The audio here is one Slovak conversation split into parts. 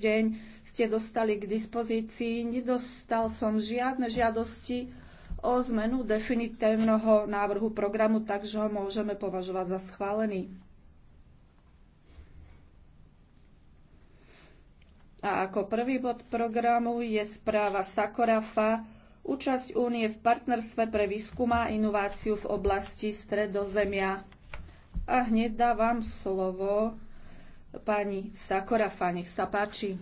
deň ste dostali k dispozícii. Nedostal som žiadne žiadosti o zmenu definitívneho návrhu programu, takže ho môžeme považovať za schválený. A ako prvý bod programu je správa Sakorafa Účasť únie v partnerstve pre výskum a inováciu v oblasti stredozemia. A hneď dávam slovo Pani Sakorafa, nech sa páči.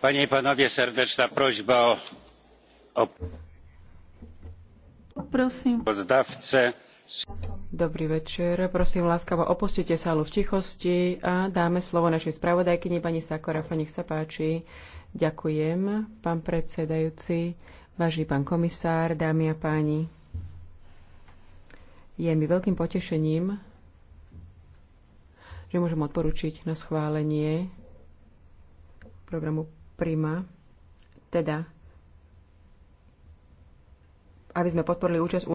panie i panowie serdeczna prośba o Prosím. Dobrý večer. Prosím, láskavo opustite sálu v tichosti a dáme slovo našej spravodajkyni pani Sakorafa. Nech sa páči. Ďakujem, pán predsedajúci, vážny pán komisár, dámy a páni. Je mi veľkým potešením, že môžem odporučiť na schválenie programu Prima, teda aby sme podporili účasť